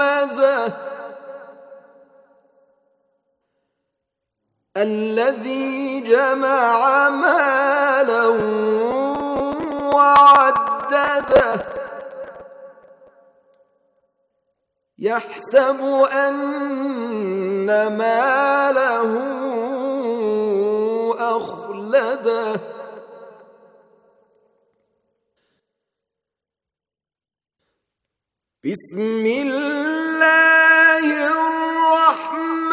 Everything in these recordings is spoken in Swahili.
همزه الذي جمع مالا وعدده يحسب أن ماله أخلده بسم الله الرحمن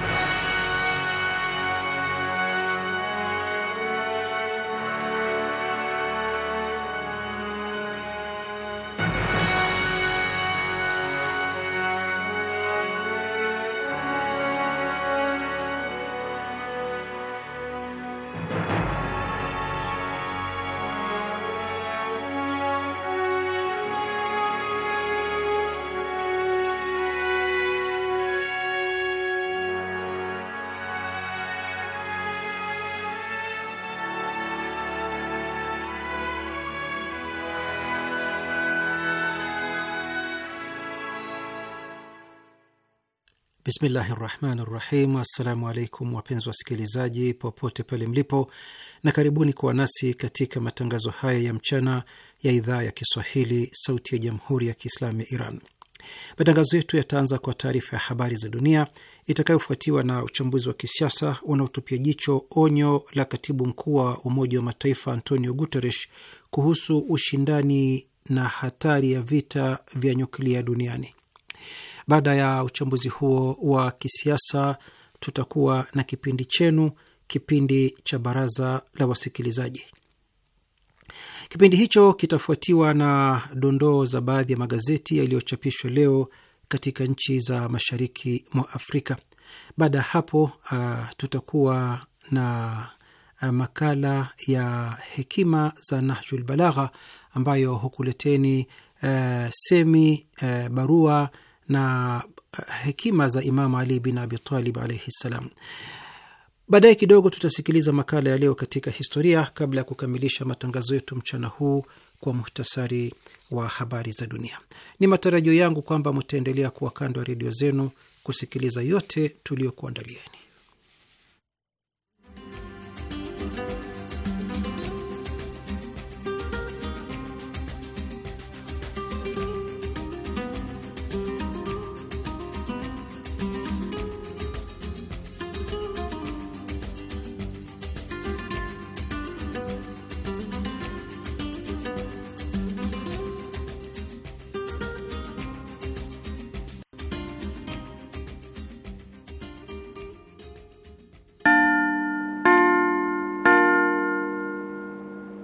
Bismillahi rahmani rahim. Assalamu alaikum wapenzi wasikilizaji popote pale mlipo, na karibuni kuwa nasi katika matangazo haya ya mchana ya idhaa ya Kiswahili sauti ya jamhuri ya Kiislamu ya Iran. Matangazo yetu yataanza kwa taarifa ya habari za dunia itakayofuatiwa na uchambuzi wa kisiasa unaotupia jicho onyo la katibu mkuu wa Umoja wa Mataifa Antonio Guterres kuhusu ushindani na hatari ya vita vya nyuklia duniani. Baada ya uchambuzi huo wa kisiasa, tutakuwa na kipindi chenu, kipindi cha baraza la wasikilizaji. Kipindi hicho kitafuatiwa na dondoo za baadhi ya magazeti yaliyochapishwa leo katika nchi za mashariki mwa Afrika. Baada ya hapo, uh, tutakuwa na uh, makala ya hekima za Nahjul Balagha ambayo hukuleteni uh, semi uh, barua na eh, hekima za Imamu Ali bin Abitalib alaihi ssalam. Baadaye kidogo tutasikiliza makala ya leo katika historia, kabla ya kukamilisha matangazo yetu mchana huu kwa muhtasari wa habari za dunia. Ni matarajio yangu kwamba mtaendelea kuwa kando ya redio zenu kusikiliza yote tuliyokuandalieni.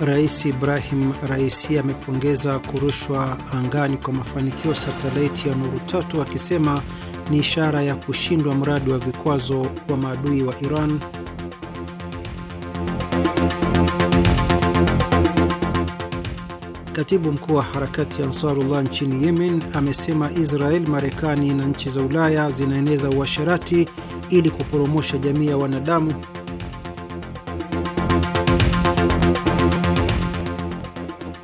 Rais Ibrahim Raisi amepongeza kurushwa angani kwa mafanikio satelaiti ya Nuru tatu akisema ni ishara ya kushindwa mradi wa vikwazo wa maadui wa Iran. Katibu mkuu wa harakati ya Ansarullah nchini Yemen amesema Israel, Marekani na nchi za Ulaya zinaeneza uasherati ili kuporomosha jamii ya wanadamu.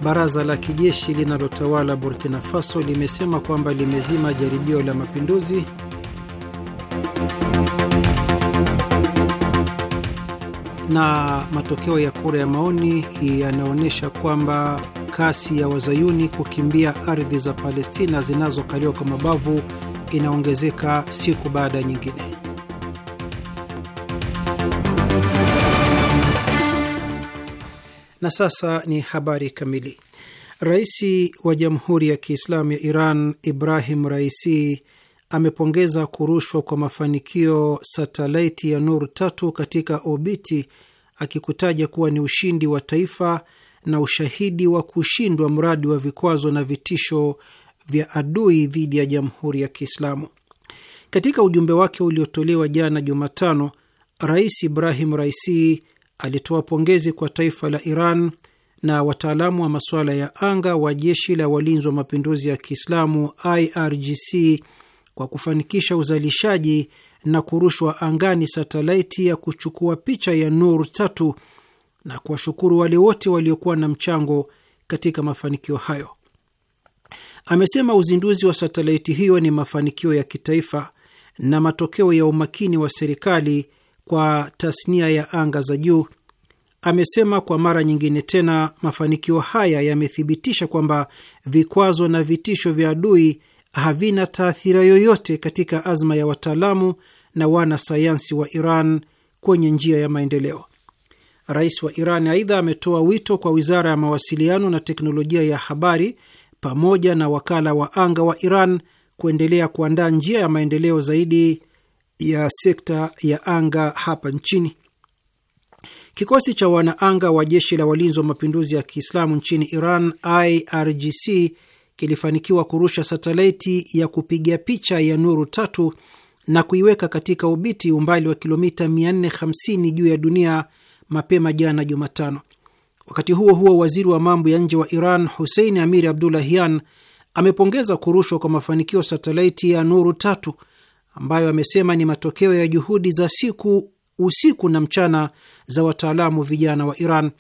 Baraza la kijeshi linalotawala Burkina Faso limesema kwamba limezima jaribio la mapinduzi. Na matokeo ya kura ya maoni yanaonyesha kwamba kasi ya wazayuni kukimbia ardhi za Palestina zinazokaliwa kwa mabavu inaongezeka siku baada nyingine. Na sasa ni habari kamili. Rais wa Jamhuri ya Kiislamu ya Iran Ibrahim Raisi amepongeza kurushwa kwa mafanikio satelaiti ya Nur tatu katika obiti, akikutaja kuwa ni ushindi wa taifa na ushahidi wa kushindwa mradi wa vikwazo na vitisho vya adui dhidi ya Jamhuri ya Kiislamu. Katika ujumbe wake uliotolewa jana Jumatano, Rais Ibrahim Raisi alitoa pongezi kwa taifa la Iran na wataalamu wa masuala ya anga wa jeshi la walinzi wa mapinduzi ya Kiislamu IRGC kwa kufanikisha uzalishaji na kurushwa angani satelaiti ya kuchukua picha ya Nur tatu na kuwashukuru wale wote waliokuwa na mchango katika mafanikio hayo. Amesema uzinduzi wa satelaiti hiyo ni mafanikio ya kitaifa na matokeo ya umakini wa serikali kwa tasnia ya anga za juu. Amesema kwa mara nyingine tena mafanikio haya yamethibitisha kwamba vikwazo na vitisho vya adui havina taathira yoyote katika azma ya wataalamu na wanasayansi wa Iran kwenye njia ya maendeleo. Rais wa Iran aidha ametoa wito kwa wizara ya mawasiliano na teknolojia ya habari pamoja na wakala wa anga wa Iran kuendelea kuandaa njia ya maendeleo zaidi ya sekta ya anga hapa nchini. Kikosi cha wanaanga wa jeshi la walinzi wa mapinduzi ya Kiislamu nchini Iran, IRGC, kilifanikiwa kurusha satelaiti ya kupiga picha ya Nuru tatu na kuiweka katika ubiti umbali wa kilomita 450 juu ya dunia mapema jana Jumatano. Wakati huo huo, waziri wa mambo ya nje wa Iran Hussein Amir Abdullahian amepongeza kurushwa kwa mafanikio satelaiti ya Nuru tatu ambayo amesema ni matokeo ya juhudi za siku usiku na mchana za wataalamu vijana wa Iran.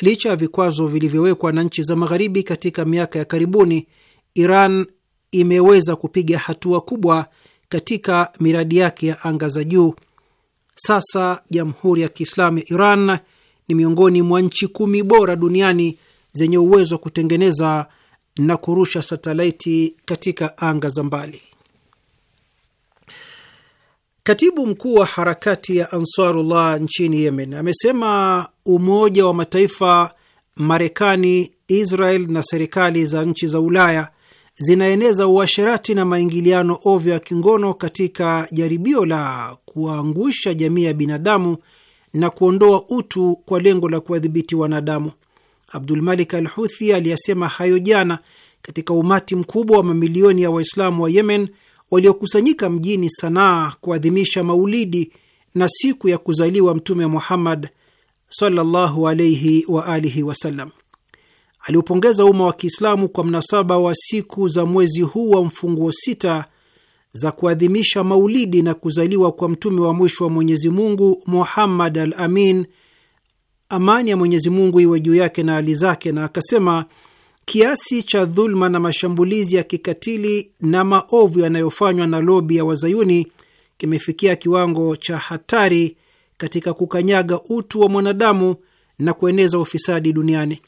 Licha ya vikwazo vilivyowekwa na nchi za Magharibi katika miaka ya karibuni, Iran imeweza kupiga hatua kubwa katika miradi yake ya anga za juu. Sasa Jamhuri ya Kiislamu ya Iran ni miongoni mwa nchi kumi bora duniani zenye uwezo wa kutengeneza na kurusha satelaiti katika anga za mbali. Katibu mkuu wa harakati ya Ansarullah nchini Yemen amesema Umoja wa Mataifa, Marekani, Israel na serikali za nchi za Ulaya zinaeneza uasherati na maingiliano ovyo ya kingono katika jaribio la kuangusha jamii ya binadamu na kuondoa utu kwa lengo la kuwadhibiti wanadamu. abdul malik al Huthi aliyasema hayo jana katika umati mkubwa wa mamilioni ya Waislamu wa Yemen waliokusanyika mjini Sanaa kuadhimisha maulidi na siku ya kuzaliwa Mtume Muhammad sallallahu alaihi wa alihi wasallam. Aliupongeza umma wa Kiislamu kwa mnasaba wa siku za mwezi huu wa mfunguo sita za kuadhimisha maulidi na kuzaliwa kwa mtume wa mwisho wa Mwenyezi Mungu Muhammad al Amin, amani ya Mwenyezi Mungu iwe juu yake na hali zake, na akasema kiasi cha dhuluma na mashambulizi ya kikatili na maovu yanayofanywa na lobi ya wazayuni kimefikia kiwango cha hatari katika kukanyaga utu wa mwanadamu na kueneza ufisadi duniani.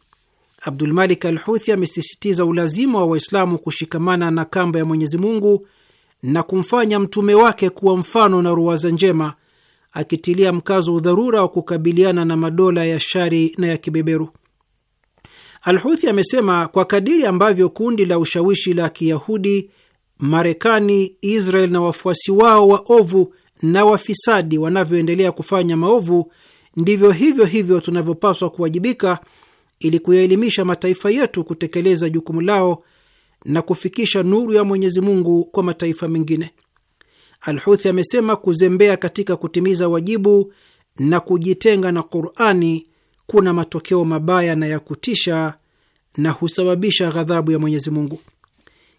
Abdulmalik Al Huthi amesisitiza ulazima wa Waislamu kushikamana na kamba ya Mwenyezi Mungu na kumfanya mtume wake kuwa mfano na ruwaza njema, akitilia mkazo udharura wa kukabiliana na madola ya shari na ya kibeberu. Alhuthi amesema kwa kadiri ambavyo kundi la ushawishi la Kiyahudi, Marekani, Israel na wafuasi wao waovu na wafisadi wanavyoendelea kufanya maovu, ndivyo hivyo hivyo tunavyopaswa kuwajibika ili kuyaelimisha mataifa yetu kutekeleza jukumu lao na kufikisha nuru ya Mwenyezi Mungu kwa mataifa mengine. Alhuthi amesema kuzembea katika kutimiza wajibu na kujitenga na Qurani kuna matokeo mabaya na ya kutisha na husababisha ghadhabu ya Mwenyezi Mungu.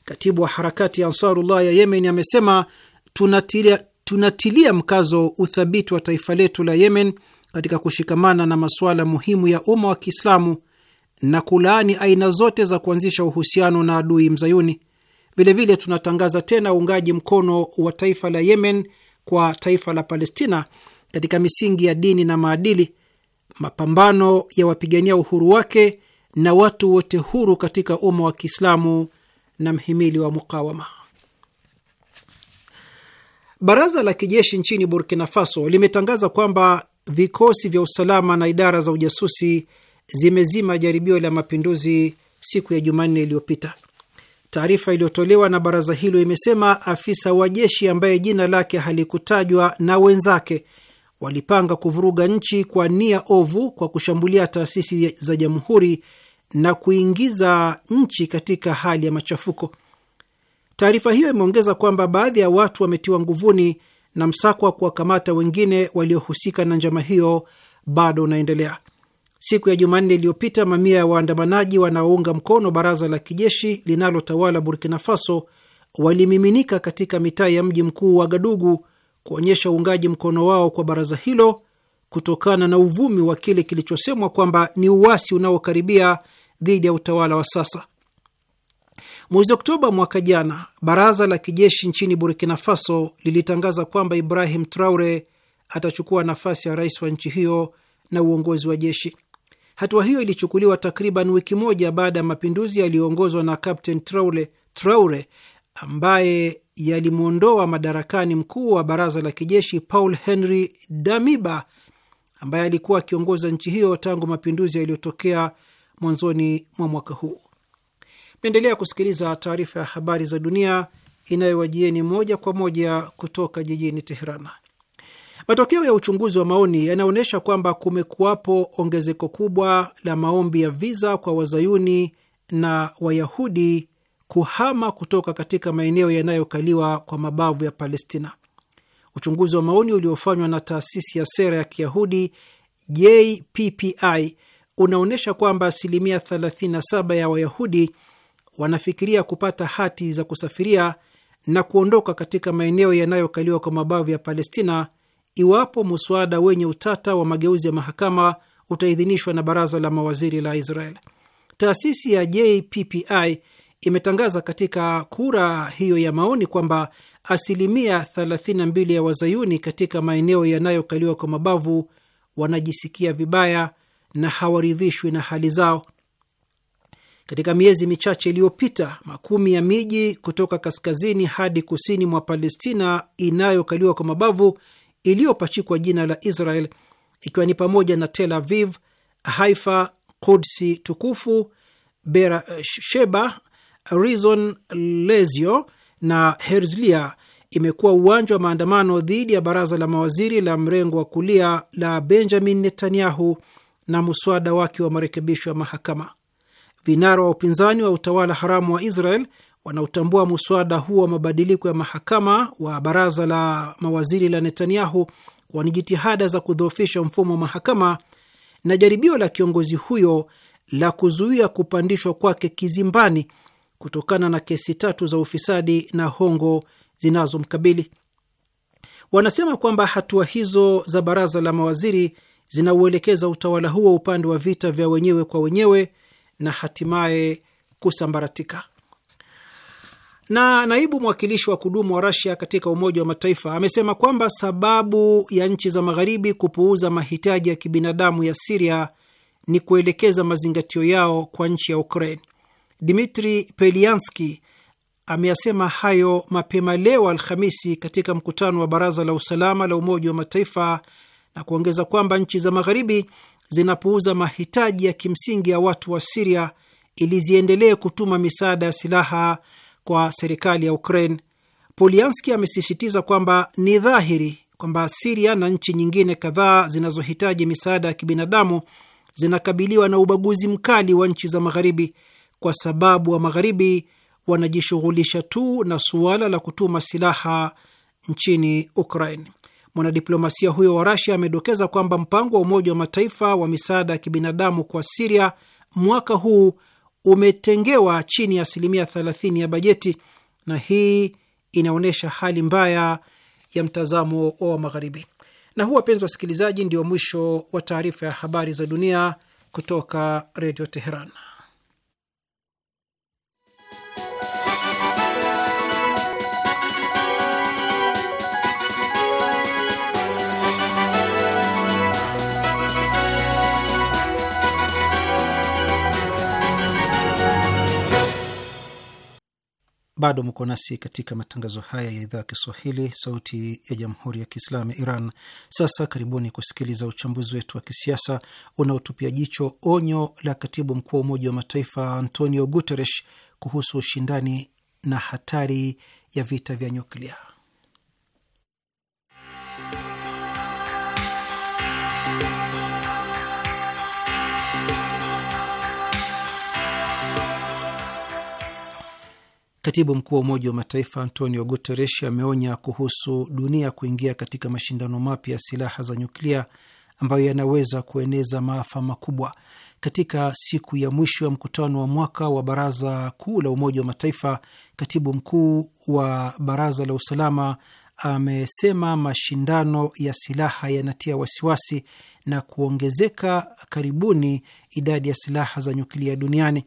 Katibu wa harakati ya Ansarullah ya Yemen amesema tunatilia, tunatilia mkazo uthabiti wa taifa letu la Yemen katika kushikamana na masuala muhimu ya umma wa Kiislamu na kulaani aina zote za kuanzisha uhusiano na adui mzayuni. Vilevile vile tunatangaza tena uungaji mkono wa taifa la Yemen kwa taifa la Palestina katika misingi ya dini na maadili mapambano ya wapigania uhuru wake na watu wote huru katika umma wa Kiislamu na mhimili wa mukawama. Baraza la kijeshi nchini Burkina Faso limetangaza kwamba vikosi vya usalama na idara za ujasusi zimezima jaribio la mapinduzi siku ya Jumanne iliyopita. Taarifa iliyotolewa na baraza hilo imesema afisa wa jeshi ambaye jina lake halikutajwa na wenzake walipanga kuvuruga nchi kwa nia ovu kwa kushambulia taasisi za jamhuri na kuingiza nchi katika hali ya machafuko. Taarifa hiyo imeongeza kwamba baadhi ya watu wametiwa nguvuni na msako wa kuwakamata wengine waliohusika na njama hiyo bado unaendelea. Siku ya Jumanne iliyopita, mamia ya waandamanaji wanaounga mkono baraza la kijeshi linalotawala Burkina Faso walimiminika katika mitaa ya mji mkuu wa Gadugu kuonyesha uungaji mkono wao kwa baraza hilo kutokana na uvumi wa kile kilichosemwa kwamba ni uasi unaokaribia dhidi ya utawala wa sasa. Mwezi Oktoba mwaka jana, baraza la kijeshi nchini Burkina Faso lilitangaza kwamba Ibrahim Traore atachukua nafasi ya rais wa nchi hiyo na uongozi wa jeshi. Hatua hiyo ilichukuliwa takriban wiki moja baada ya mapinduzi yaliyoongozwa na Captain Traore, Traore ambaye yalimwondoa madarakani mkuu wa baraza la kijeshi Paul Henry Damiba ambaye alikuwa akiongoza nchi hiyo tangu mapinduzi yaliyotokea mwanzoni mwa mwaka huu. Naendelea kusikiliza taarifa ya habari za dunia inayowajieni moja kwa moja kutoka jijini Teherana. Matokeo ya uchunguzi wa maoni yanaonyesha kwamba kumekuwapo ongezeko kubwa la maombi ya viza kwa wazayuni na wayahudi kuhama kutoka katika maeneo yanayokaliwa kwa mabavu ya Palestina. Uchunguzi wa maoni uliofanywa na taasisi ya sera ya Kiyahudi JPPI unaonyesha kwamba asilimia 37 ya Wayahudi wanafikiria kupata hati za kusafiria na kuondoka katika maeneo yanayokaliwa kwa mabavu ya Palestina iwapo muswada wenye utata wa mageuzi ya mahakama utaidhinishwa na baraza la mawaziri la Israel. Taasisi ya JPPI imetangaza katika kura hiyo ya maoni kwamba asilimia 32 ya wazayuni katika maeneo yanayokaliwa kwa mabavu wanajisikia vibaya na hawaridhishwi na hali zao. Katika miezi michache iliyopita, makumi ya miji kutoka kaskazini hadi kusini mwa Palestina inayokaliwa kwa mabavu iliyopachikwa jina la Israel, ikiwa ni pamoja na Tel Aviv, Haifa, Kudsi tukufu, Beersheba, Rizon lezio na Herzliya imekuwa uwanja wa maandamano dhidi ya baraza la mawaziri la mrengo wa kulia la Benjamin Netanyahu na muswada wake wa marekebisho ya mahakama. Vinara wa upinzani wa utawala haramu wa Israel wanaotambua muswada huo wa mabadiliko ya mahakama wa baraza la mawaziri la Netanyahu kwani jitihada za kudhoofisha mfumo wa mahakama na jaribio la kiongozi huyo la kuzuia kupandishwa kwake kizimbani kutokana na kesi tatu za ufisadi na hongo zinazomkabili. Wanasema kwamba hatua hizo za baraza la mawaziri zinauelekeza utawala huo upande wa vita vya wenyewe kwa wenyewe na hatimaye kusambaratika. Na naibu mwakilishi wa kudumu wa Rasia katika Umoja wa Mataifa amesema kwamba sababu ya nchi za magharibi kupuuza mahitaji ya kibinadamu ya Siria ni kuelekeza mazingatio yao kwa nchi ya Ukraine. Dmitri Pelianski ameyasema hayo mapema leo Alhamisi katika mkutano wa Baraza la Usalama la Umoja wa Mataifa na kuongeza kwamba nchi za Magharibi zinapuuza mahitaji ya kimsingi ya watu wa Siria ili ziendelee kutuma misaada ya silaha kwa serikali ya Ukraine. Polianski amesisitiza kwamba ni dhahiri kwamba Siria na nchi nyingine kadhaa zinazohitaji misaada ya kibinadamu zinakabiliwa na ubaguzi mkali wa nchi za Magharibi kwa sababu wa magharibi wanajishughulisha tu na suala la kutuma silaha nchini Ukraine. Mwanadiplomasia huyo wa Rasia amedokeza kwamba mpango wa Umoja wa Mataifa wa misaada ya kibinadamu kwa Siria mwaka huu umetengewa chini ya asilimia 30 ya bajeti, na hii inaonyesha hali mbaya ya mtazamo wa Magharibi. Na huu, wapenzi wasikilizaji, ndio mwisho wa taarifa ya habari za dunia kutoka Redio Teheran. Bado mko nasi katika matangazo haya ya idhaa ya Kiswahili, sauti ya jamhuri ya kiislamu ya Iran. Sasa karibuni kusikiliza uchambuzi wetu wa kisiasa unaotupia jicho onyo la katibu mkuu wa Umoja wa Mataifa Antonio Guterres kuhusu ushindani na hatari ya vita vya nyuklia. Katibu mkuu wa Umoja wa Mataifa Antonio Guterres ameonya kuhusu dunia kuingia katika mashindano mapya ya silaha za nyuklia ambayo yanaweza kueneza maafa makubwa. Katika siku ya mwisho ya mkutano wa mwaka wa Baraza Kuu la Umoja wa Mataifa, katibu mkuu wa Baraza la Usalama amesema mashindano ya silaha yanatia wasiwasi na kuongezeka karibuni idadi ya silaha za nyuklia duniani.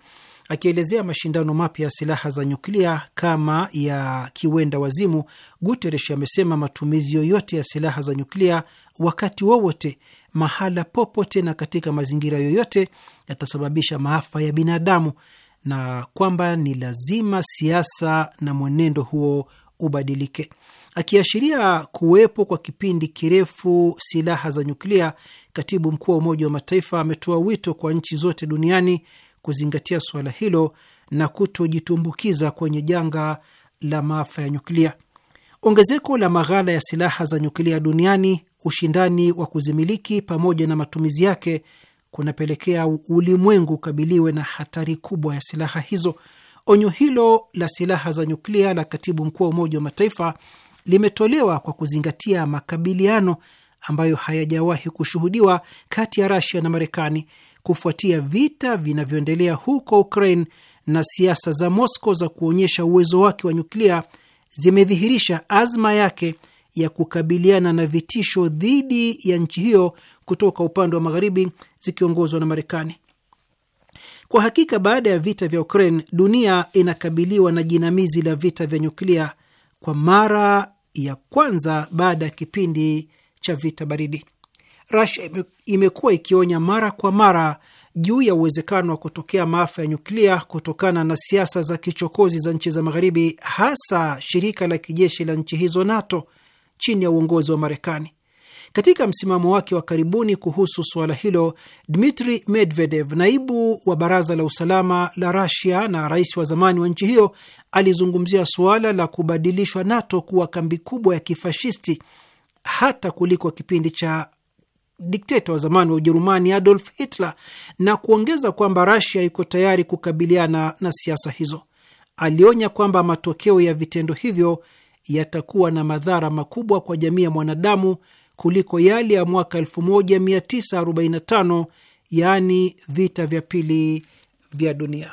Akielezea mashindano mapya ya silaha za nyuklia kama ya kiwenda wazimu, Guterres amesema matumizi yoyote ya silaha za nyuklia wakati wowote, mahala popote na katika mazingira yoyote yatasababisha maafa ya binadamu na kwamba ni lazima siasa na mwenendo huo ubadilike, akiashiria kuwepo kwa kipindi kirefu silaha za nyuklia. Katibu mkuu wa Umoja wa Mataifa ametoa wito kwa nchi zote duniani kuzingatia suala hilo na kutojitumbukiza kwenye janga la maafa ya nyuklia. Ongezeko la maghala ya silaha za nyuklia duniani, ushindani wa kuzimiliki pamoja na matumizi yake kunapelekea ulimwengu ukabiliwe na hatari kubwa ya silaha hizo. Onyo hilo la silaha za nyuklia la katibu mkuu wa Umoja wa Mataifa limetolewa kwa kuzingatia makabiliano ambayo hayajawahi kushuhudiwa kati ya Rasia na Marekani kufuatia vita vinavyoendelea huko Ukraine na siasa za Moscow za kuonyesha uwezo wake wa nyuklia zimedhihirisha azma yake ya kukabiliana na vitisho dhidi ya nchi hiyo kutoka upande wa magharibi zikiongozwa na Marekani. Kwa hakika, baada ya vita vya Ukraine, dunia inakabiliwa na jinamizi la vita vya nyuklia kwa mara ya kwanza baada ya kipindi cha vita baridi. Russia imekuwa ikionya mara kwa mara juu ya uwezekano wa kutokea maafa ya nyuklia kutokana na siasa za kichokozi za nchi za Magharibi, hasa shirika la kijeshi la nchi hizo NATO chini ya uongozi wa Marekani. Katika msimamo wake wa karibuni kuhusu suala hilo, Dmitri Medvedev, naibu wa baraza la usalama la Rasia na rais wa zamani wa nchi hiyo, alizungumzia suala la kubadilishwa NATO kuwa kambi kubwa ya kifashisti hata kuliko kipindi cha dikteta wa zamani wa Ujerumani Adolf Hitler na kuongeza kwamba rasia iko tayari kukabiliana na siasa hizo. Alionya kwamba matokeo ya vitendo hivyo yatakuwa na madhara makubwa kwa jamii ya mwanadamu kuliko yale ya mwaka 1945 yaani vita vya pili vya dunia.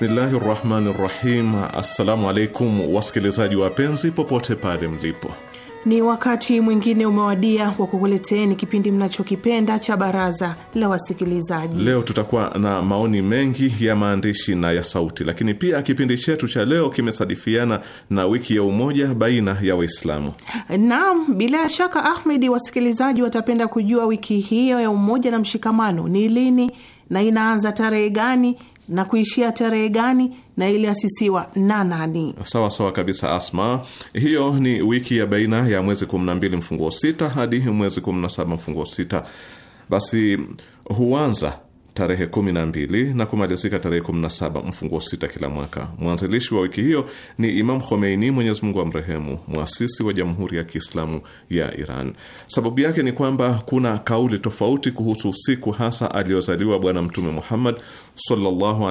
Bismillahi rahmani rahim. Assalamu alaikum wasikilizaji wapenzi, popote pale mlipo, ni wakati mwingine umewadia wa kukuleteeni kipindi mnachokipenda cha baraza la wasikilizaji. Leo tutakuwa na maoni mengi ya maandishi na ya sauti, lakini pia kipindi chetu cha leo kimesadifiana na wiki ya umoja baina ya Waislamu. Naam, bila shaka Ahmedi, wasikilizaji watapenda kujua wiki hiyo ya umoja na mshikamano ni lini na inaanza tarehe gani na kuishia tarehe gani na iliasisiwa na nani? Sawa sawa kabisa, Asma. Hiyo ni wiki ya baina ya mwezi 12 mfunguo 6 hadi mwezi 17 mfunguo 6. Basi huanza tarehe 12 na kumalizika tarehe 17 mfunguo sita kila mwaka. Mwanzilishi wa wiki hiyo ni Imam Khomeini, Mwenyezi Mungu amrehemu, mwasisi wa Jamhuri ya Kiislamu ya Iran. Sababu yake ni kwamba kuna kauli tofauti kuhusu siku hasa aliyozaliwa Bwana Mtume Muhammad sallallahu wa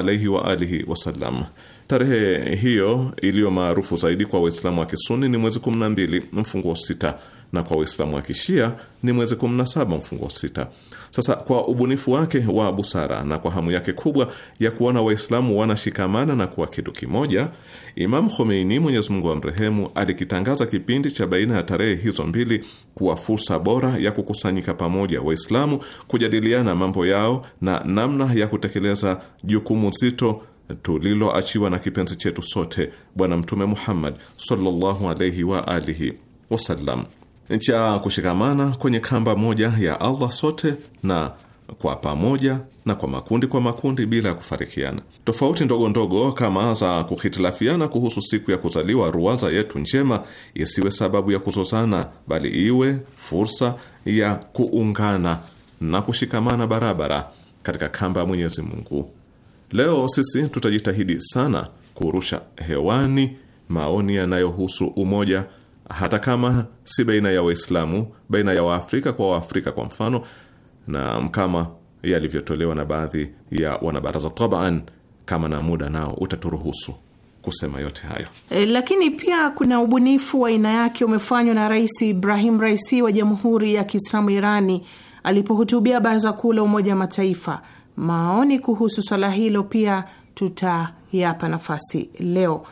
alihi wasallam. Tarehe hiyo iliyo maarufu zaidi kwa Waislamu wa Kisuni ni mwezi 12 mfunguo sita na kwa Waislamu wa Kishia ni mwezi 17 mfunguo sita. Sasa kwa ubunifu wake wa busara na kwa hamu yake kubwa ya kuona Waislamu wanashikamana na kuwa kitu kimoja, Imam Khomeini, Mwenyezi Mungu amrehemu, alikitangaza kipindi cha baina ya tarehe hizo mbili kuwa fursa bora ya kukusanyika pamoja Waislamu, kujadiliana mambo yao na namna ya kutekeleza jukumu zito tuliloachiwa na kipenzi chetu sote Bwana Mtume Muhammad sallallahu alaihi wa alihi wasallam cha kushikamana kwenye kamba moja ya Allah sote na kwa pamoja na kwa makundi kwa makundi bila ya kufarikiana. Tofauti ndogo ndogo kama za kuhitilafiana kuhusu siku ya kuzaliwa ruwaza yetu njema isiwe sababu ya kuzozana, bali iwe fursa ya kuungana na kushikamana barabara katika kamba ya Mwenyezi Mungu. Leo sisi tutajitahidi sana kurusha hewani maoni yanayohusu umoja hata kama si baina ya Waislamu, baina ya Waafrika kwa Waafrika kwa mfano, na kama yalivyotolewa na baadhi ya wanabaraza tabaan, kama na muda nao utaturuhusu kusema yote hayo e, lakini pia kuna ubunifu wa aina yake umefanywa na Rais Ibrahim Raisi wa Jamhuri ya Kiislamu Irani alipohutubia Baraza Kuu la Umoja wa Mataifa. Maoni kuhusu swala hilo pia tutayapa nafasi leo.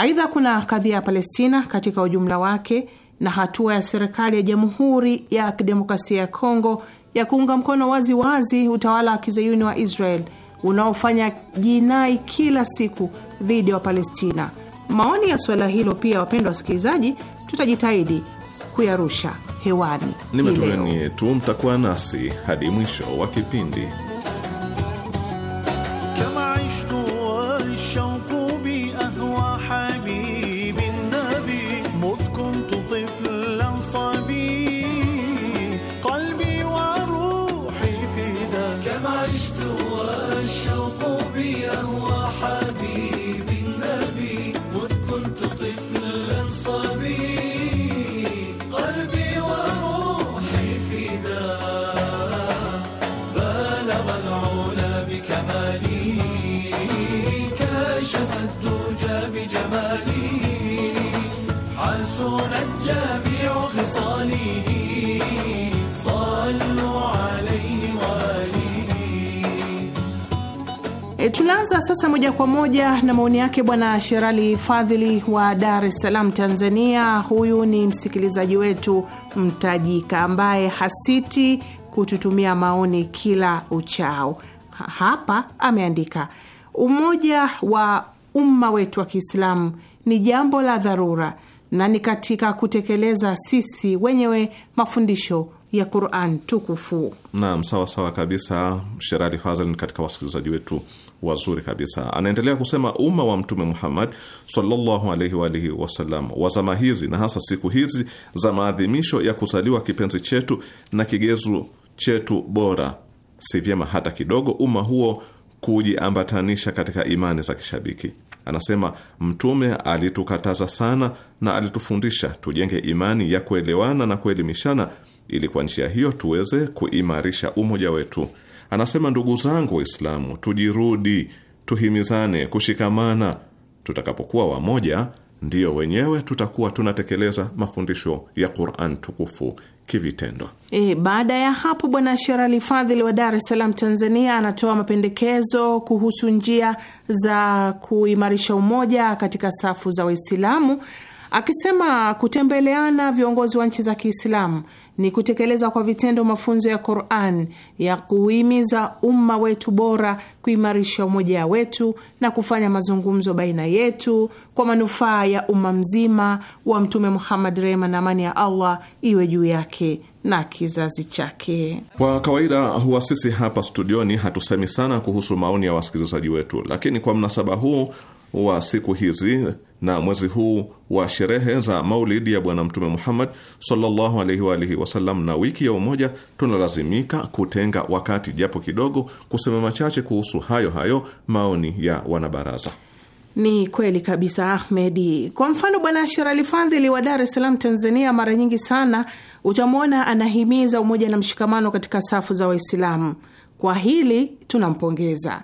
Aidha, kuna kadhia ya Palestina katika ujumla wake na hatua ya serikali ya Jamhuri ya Kidemokrasia ya Kongo ya kuunga mkono wazi wazi utawala wa kizayuni wa Israel unaofanya jinai kila siku dhidi ya Wapalestina. Maoni ya suala hilo pia, wapendwa wasikilizaji, tutajitahidi kuyarusha hewani. Ni matumaini yetu mtakuwa nasi hadi mwisho wa kipindi. E, tunaanza sasa moja kwa moja na maoni yake Bwana Sherali Fadhili wa Dar es Salaam, Tanzania. Huyu ni msikilizaji wetu mtajika ambaye hasiti kututumia maoni kila uchao. Hapa ameandika, umoja wa umma wetu wa Kiislamu ni jambo la dharura na ni katika kutekeleza sisi wenyewe mafundisho ya Quran tukufu. Naam, sawa sawa kabisa. Sherali Fazl ni katika wasikilizaji wetu wazuri kabisa. Anaendelea kusema umma wa Mtume Muhammad sallallahu alaihi wa alihi wasallam wa zama hizi na hasa siku hizi za maadhimisho ya kuzaliwa kipenzi chetu na kigezo chetu bora, si vyema hata kidogo umma huo kujiambatanisha katika imani za kishabiki. Anasema Mtume alitukataza sana na alitufundisha tujenge imani ya kuelewana na kuelimishana ili kwa njia hiyo tuweze kuimarisha umoja wetu. Anasema, ndugu zangu Waislamu, tujirudi, tuhimizane, kushikamana. Tutakapokuwa wamoja, ndiyo wenyewe tutakuwa tunatekeleza mafundisho ya Quran tukufu kivitendo. E, baada ya hapo Bwana Sherali Fadhili wa Dar es Salaam, Tanzania, anatoa mapendekezo kuhusu njia za kuimarisha umoja katika safu za Waislamu, akisema kutembeleana viongozi wa nchi za Kiislamu ni kutekeleza kwa vitendo mafunzo ya Qur'an ya kuhimiza umma wetu bora, kuimarisha umoja wetu na kufanya mazungumzo baina yetu kwa manufaa ya umma mzima wa Mtume Muhammad, rehma na amani ya Allah iwe juu yake na kizazi chake. Kwa kawaida huwa sisi hapa studioni hatusemi sana kuhusu maoni ya wasikilizaji wetu, lakini kwa mnasaba huu wa siku hizi na mwezi huu wa sherehe za maulidi ya Bwana Mtume Muhammad sallallahu alaihi wa alihi wasallam na wiki ya umoja, tunalazimika kutenga wakati japo kidogo kusema machache kuhusu hayo hayo maoni ya wanabaraza. Ni kweli kabisa Ahmedi. Kwa mfano, Bwana Sherali Fadhili wa Dar es Salaam, Tanzania, mara nyingi sana utamwona anahimiza umoja na mshikamano katika safu za Waislamu. Kwa hili tunampongeza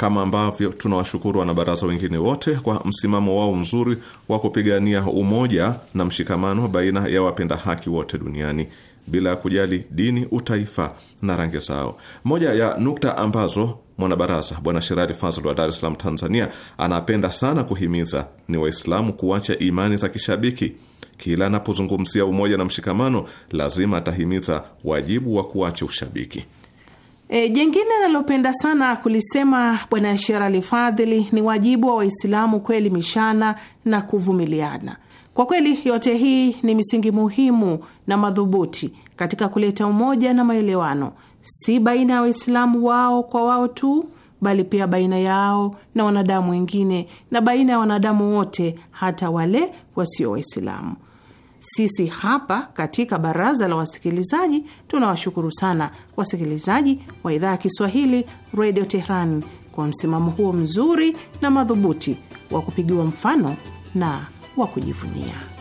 kama ambavyo tunawashukuru wanabaraza wengine wote kwa msimamo wao mzuri wa kupigania umoja na mshikamano baina ya wapenda haki wote duniani bila ya kujali dini, utaifa na rangi zao. Moja ya nukta ambazo mwanabaraza Bwana Sherali Fazl wa Dar es Salaam, Tanzania, anapenda sana kuhimiza ni Waislamu kuacha imani za kishabiki. Kila anapozungumzia umoja na mshikamano, lazima atahimiza wajibu wa kuacha ushabiki. E, jengine nalopenda sana kulisema Bwana Sherali Fadhili ni wajibu wa Waislamu kuelimishana na kuvumiliana. Kwa kweli yote hii ni misingi muhimu na madhubuti katika kuleta umoja na maelewano, si baina ya Waislamu wao kwa wao tu, bali pia baina yao na wanadamu wengine na baina ya wanadamu wote, hata wale wasio Waislamu. Sisi hapa katika baraza la wasikilizaji tunawashukuru sana wasikilizaji wa idhaa ya Kiswahili Radio Tehran kwa msimamo huo mzuri na madhubuti wa kupigiwa mfano na wa kujivunia.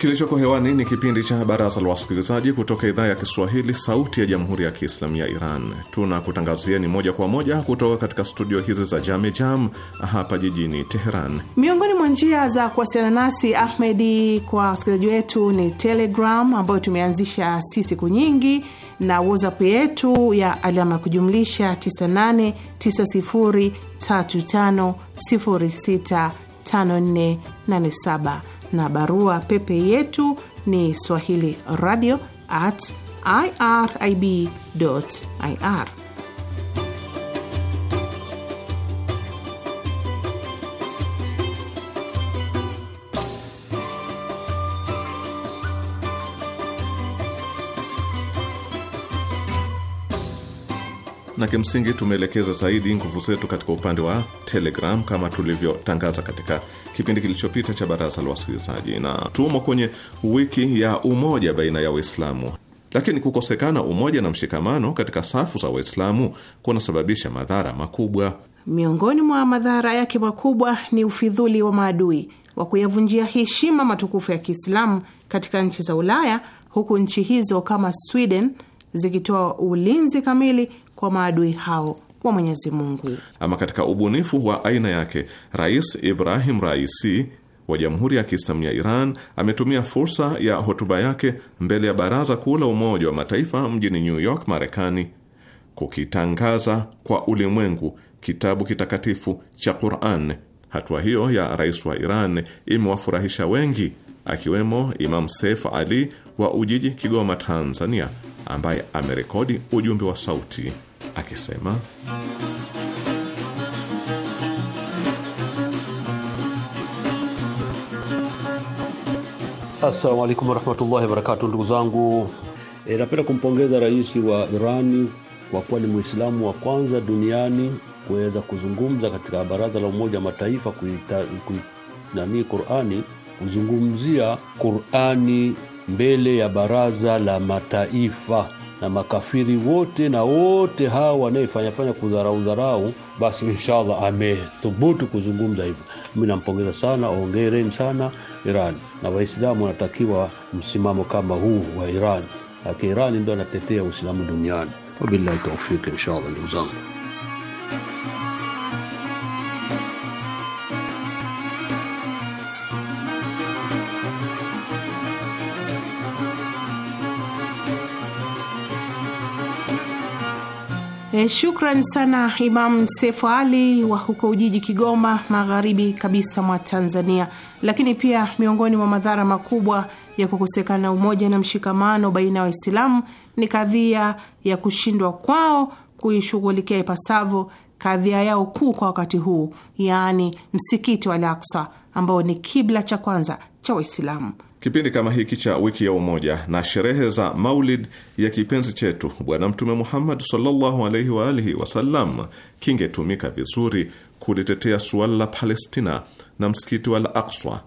Kilichoko hewani ni kipindi cha Baraza la Wasikilizaji kutoka idhaa ya Kiswahili, Sauti ya Jamhuri ya Kiislamu ya Iran. Tunakutangazieni moja kwa moja kutoka katika studio hizi za Jame Jam hapa jijini Teheran. Miongoni mwa njia za kuwasiliana nasi Ahmedi, kwa wasikilizaji wetu ni Telegram ambayo tumeanzisha si siku nyingi, na WhatsApp yetu ya alama ya kujumlisha 989035065487 na barua pepe yetu ni swahili radio at irib ir na kimsingi tumeelekeza zaidi nguvu zetu katika upande wa Telegram kama tulivyotangaza katika kipindi kilichopita cha baraza la wasikilizaji, na tumo kwenye wiki ya umoja baina ya Waislamu. Lakini kukosekana umoja na mshikamano katika safu za Waislamu kunasababisha madhara makubwa. Miongoni mwa madhara yake makubwa ni ufidhuli wa maadui wa kuyavunjia heshima matukufu ya Kiislamu katika nchi za Ulaya, huku nchi hizo kama Sweden zikitoa ulinzi kamili kwa maadui hao wa Mwenyezi Mungu. Ama katika ubunifu wa aina yake, Rais Ibrahim Raisi wa Jamhuri ya Kiislamu ya Iran ametumia fursa ya hotuba yake mbele ya Baraza Kuu la Umoja wa Mataifa mjini New York, Marekani, kukitangaza kwa ulimwengu kitabu kitakatifu cha Quran. Hatua hiyo ya rais wa Iran imewafurahisha wengi, akiwemo Imam sef Ali wa Ujiji, Kigoma, Tanzania, ambaye amerekodi ujumbe wa sauti akisema Assalamu alaikum warahmatullahi wabarakatu, ndugu zangu. E, napenda kumpongeza rais wa Irani kwa kuwa ni Mwislamu wa kwanza duniani kuweza kuzungumza katika baraza la Umoja wa Mataifa kuita, kuinani Qurani, kuzungumzia Qurani mbele ya baraza la mataifa na makafiri wote na wote hawa wanayefanyafanya kudharaudharau, basi inshallah amethubutu kuzungumza hivyo. Mimi nampongeza sana, ongereni sana Iran na Waislamu wanatakiwa msimamo kama huu wa Iran. lakini Irani ndo anatetea Uislamu duniani. Wabillahi taufiki, inshallah ndugu zangu. E, shukran sana Imam Sefu Ali wa huko Ujiji, Kigoma, magharibi kabisa mwa Tanzania. Lakini pia miongoni mwa madhara makubwa ya kukosekana umoja na mshikamano baina ya Waislamu ni kadhia ya kushindwa kwao kuishughulikia ipasavyo kadhia yao kuu kwa wakati huu, yaani msikiti wa Al-Aqsa ambao ni kibla cha kwanza cha Waislamu. Kipindi kama hiki cha wiki ya umoja na sherehe za maulid ya kipenzi chetu Bwana Mtume Muhammad sallallahu alaihi wa alihi wasallam kingetumika vizuri kulitetea suala la Palestina na msikiti wa al akswa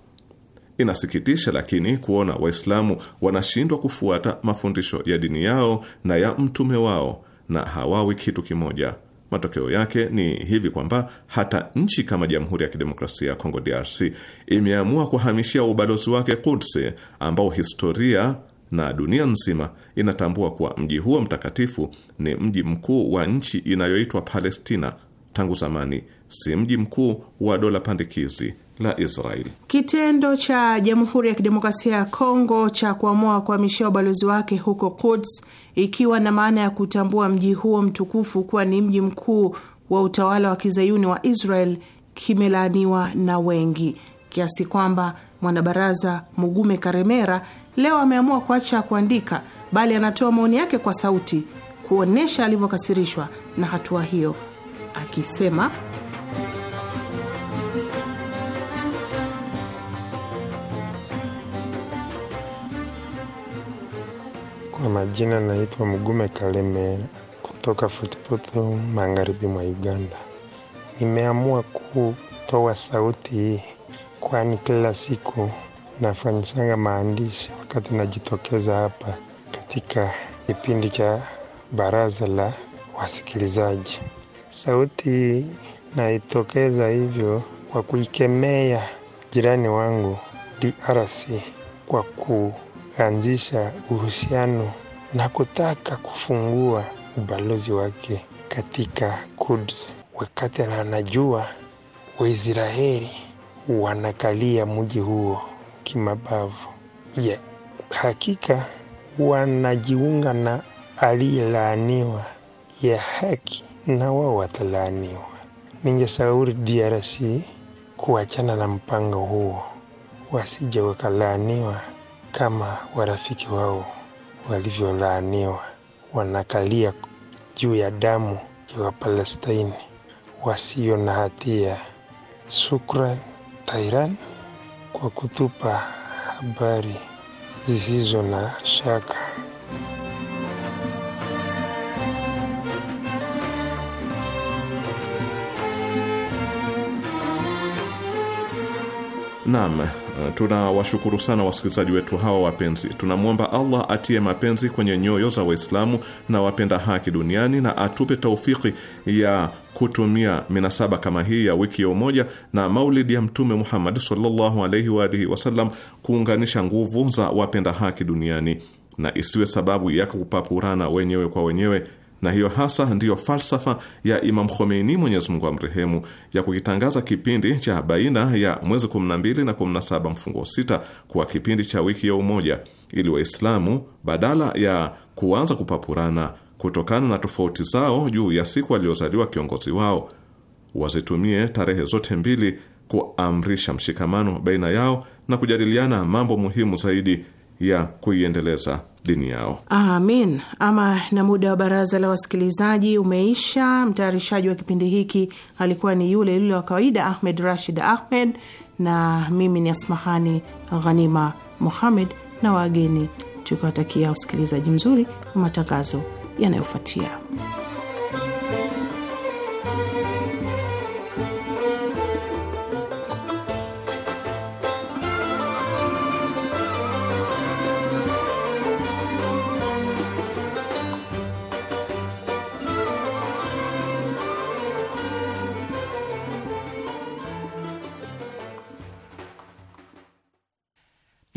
Inasikitisha lakini kuona Waislamu wanashindwa kufuata mafundisho ya dini yao na ya mtume wao na hawawi kitu kimoja. Matokeo yake ni hivi kwamba hata nchi kama Jamhuri ya Kidemokrasia ya Kongo DRC imeamua kuhamishia ubalozi wake Quds, ambao historia na dunia nzima inatambua kuwa mji huo mtakatifu ni mji mkuu wa nchi inayoitwa Palestina tangu zamani, si mji mkuu wa dola pandikizi la israel Kitendo cha Jamhuri ya Kidemokrasia ya Kongo cha kuamua kuhamishia ubalozi wake huko Quds ikiwa na maana ya kutambua mji huo mtukufu kuwa ni mji mkuu wa utawala wa kizayuni wa Israel kimelaaniwa na wengi kiasi kwamba mwanabaraza Mugume Karemera leo ameamua kuacha kuandika, bali anatoa maoni yake kwa sauti kuonyesha alivyokasirishwa na hatua hiyo, akisema majina naitwa mgume Kaleme kutoka Futufutu, magharibi mwa Uganda. Nimeamua kutoa sauti hii kwani kila siku nafanyisanga maandishi wakati najitokeza hapa katika kipindi cha baraza la wasikilizaji. Sauti naitokeza hivyo kwa kuikemea jirani wangu DRC kwa kuanzisha uhusiano na kutaka kufungua ubalozi wake katika Kuds, wakati anajua Waisraeli wanakalia mji huo kimabavu. Yeah, hakika wanajiunga na aliyelaaniwa ya haki na wao watalaaniwa. Ningeshauri DRC kuachana na mpango huo, wasije wakalaaniwa kama warafiki wao walivyolaaniwa, wanakalia juu ya damu ya Wapalestina wasio na hatia. Shukran tairan kwa kutupa habari zisizo na shaka. Naam. Eh, tunawashukuru sana wasikilizaji wetu hawa wapenzi. Tunamwomba Allah atie mapenzi kwenye nyoyo za Waislamu na wapenda haki duniani na atupe taufiki ya kutumia minasaba kama hii ya wiki ya umoja na maulidi ya Mtume Muhammad sallallahu alaihi wa alihi wasallam kuunganisha nguvu za wapenda haki duniani na isiwe sababu ya kupapurana wenyewe kwa wenyewe na hiyo hasa ndiyo falsafa ya Imam Khomeini, Mwenyezi Mungu amrehemu, ya kukitangaza kipindi cha baina ya mwezi 12 na 17 mfungo 6 kuwa kipindi cha wiki ya umoja, ili Waislamu badala ya kuanza kupapurana kutokana na tofauti zao juu ya siku aliyozaliwa kiongozi wao, wazitumie tarehe zote mbili kuamrisha mshikamano baina yao na kujadiliana mambo muhimu zaidi ya kuiendeleza dini yao. Amin. Ama na muda wa baraza la wasikilizaji umeisha. Mtayarishaji wa kipindi hiki alikuwa ni yule yule wa kawaida Ahmed Rashid Ahmed, na mimi ni Asmahani Ghanima muhammed na wageni tukiwatakia usikilizaji mzuri wa matangazo yanayofuatia.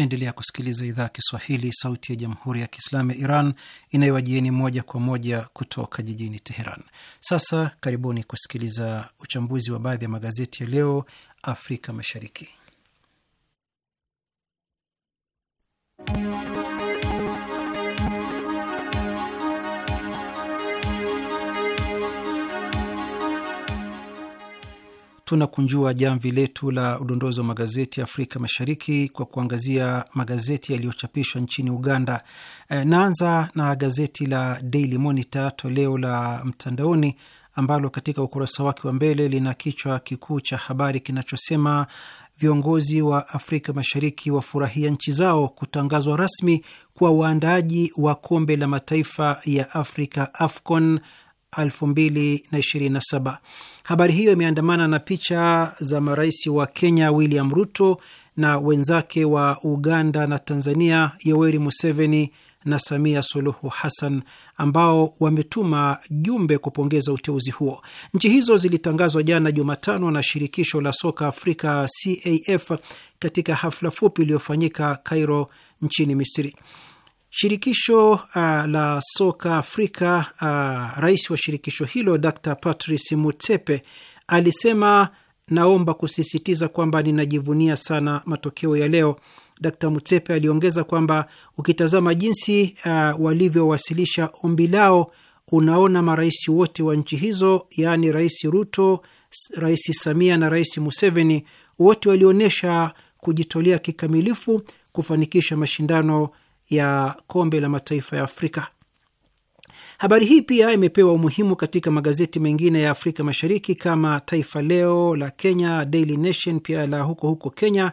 Unaendelea kusikiliza idhaa ya Kiswahili, sauti ya jamhuri ya kiislamu ya Iran inayowajieni moja kwa moja kutoka jijini Teheran. Sasa karibuni kusikiliza uchambuzi wa baadhi ya magazeti ya leo Afrika Mashariki. tunakunjua jamvi letu la udondozi wa magazeti ya Afrika Mashariki kwa kuangazia magazeti yaliyochapishwa nchini Uganda. E, naanza na gazeti la Daily Monitor toleo la mtandaoni ambalo katika ukurasa wake wa mbele lina kichwa kikuu cha habari kinachosema viongozi wa Afrika Mashariki wafurahia nchi zao kutangazwa rasmi kwa waandaaji wa kombe la mataifa ya Afrika AFCON 2027. Habari hiyo imeandamana na picha za marais wa Kenya William Ruto na wenzake wa Uganda na Tanzania Yoweri Museveni na Samia Suluhu Hassan ambao wametuma jumbe kupongeza uteuzi huo. Nchi hizo zilitangazwa jana Jumatano na shirikisho la soka Afrika CAF katika hafla fupi iliyofanyika Cairo nchini Misri. Shirikisho uh, la soka Afrika, uh, rais wa shirikisho hilo Dr Patrice Mutsepe alisema, naomba kusisitiza kwamba ninajivunia sana matokeo ya leo. Dr Mutsepe aliongeza kwamba ukitazama jinsi uh, walivyowasilisha ombi lao, unaona marais wote wa nchi hizo, yaani Rais Ruto, Rais Samia na Rais Museveni, wote walionyesha kujitolea kikamilifu kufanikisha mashindano ya kombe la mataifa ya Afrika. Habari hii pia imepewa umuhimu katika magazeti mengine ya Afrika Mashariki kama Taifa Leo la Kenya, Daily Nation pia la huko huko Kenya,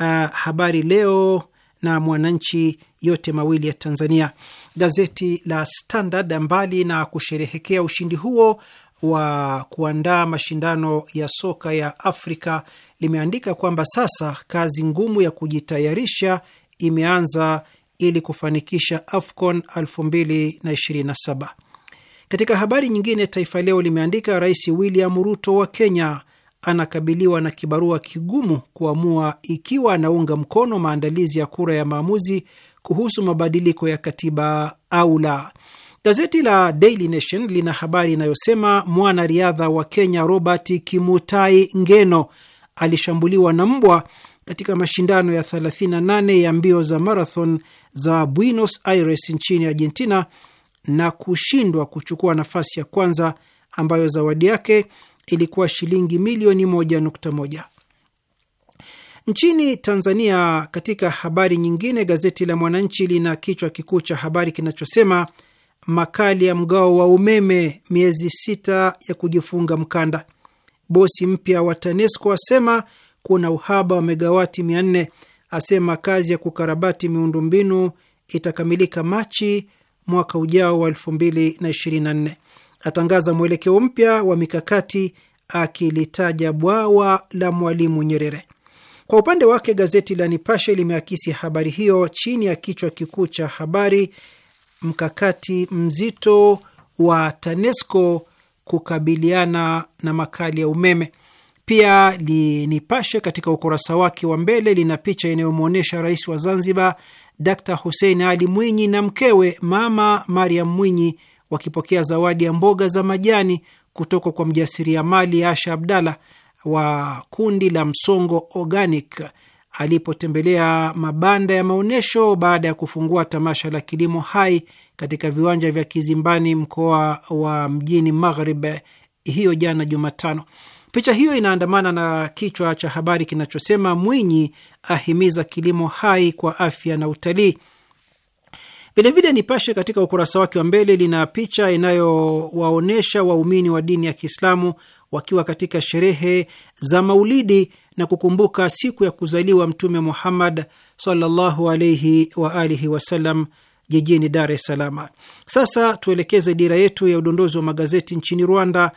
uh, Habari Leo na Mwananchi, yote mawili ya Tanzania. Gazeti la Standard, mbali na kusherehekea ushindi huo wa kuandaa mashindano ya soka ya Afrika, limeandika kwamba sasa kazi ngumu ya kujitayarisha imeanza ili kufanikisha AFCON 2027. Katika habari nyingine, Taifa Leo limeandika Rais William Ruto wa Kenya anakabiliwa na kibarua kigumu kuamua ikiwa anaunga mkono maandalizi ya kura ya maamuzi kuhusu mabadiliko ya katiba au la. Gazeti la Daily Nation lina habari inayosema mwanariadha wa Kenya Robert Kimutai Ngeno alishambuliwa na mbwa katika mashindano ya 38 ya mbio za marathon za Buenos Aires nchini Argentina na kushindwa kuchukua nafasi ya kwanza ambayo zawadi yake ilikuwa shilingi milioni moja nukta moja. Nchini Tanzania, katika habari nyingine, gazeti la Mwananchi lina kichwa kikuu cha habari kinachosema makali ya mgao wa umeme, miezi sita ya kujifunga mkanda. Bosi mpya wa TANESCO asema kuna uhaba wa megawati mia nne asema kazi ya kukarabati miundombinu itakamilika Machi mwaka ujao wa 2024. Atangaza mwelekeo mpya wa mikakati akilitaja bwawa la Mwalimu Nyerere. Kwa upande wake, gazeti la Nipashe limeakisi habari hiyo chini ya kichwa kikuu cha habari, mkakati mzito wa TANESCO kukabiliana na makali ya umeme. Pia Nipashe katika ukurasa wake wa mbele lina picha inayomwonyesha rais wa Zanzibar Dkt Hussein Ali Mwinyi na mkewe Mama Mariam Mwinyi wakipokea zawadi ya mboga za majani kutoka kwa mjasiriamali Asha Abdalla wa kundi la Msongo Organic alipotembelea mabanda ya maonyesho baada ya kufungua tamasha la kilimo hai katika viwanja vya Kizimbani, mkoa wa Mjini Magharibi hiyo jana Jumatano. Picha hiyo inaandamana na kichwa cha habari kinachosema Mwinyi ahimiza kilimo hai kwa afya na utalii. Vilevile Nipashe katika ukurasa wake wa mbele lina picha inayowaonyesha waumini wa dini ya Kiislamu wakiwa katika sherehe za Maulidi na kukumbuka siku ya kuzaliwa Mtume Muhammad sallallahu alaihi wa alihi wasallam jijini Dar es Salaam. Sasa tuelekeze dira yetu ya udondozi wa magazeti nchini Rwanda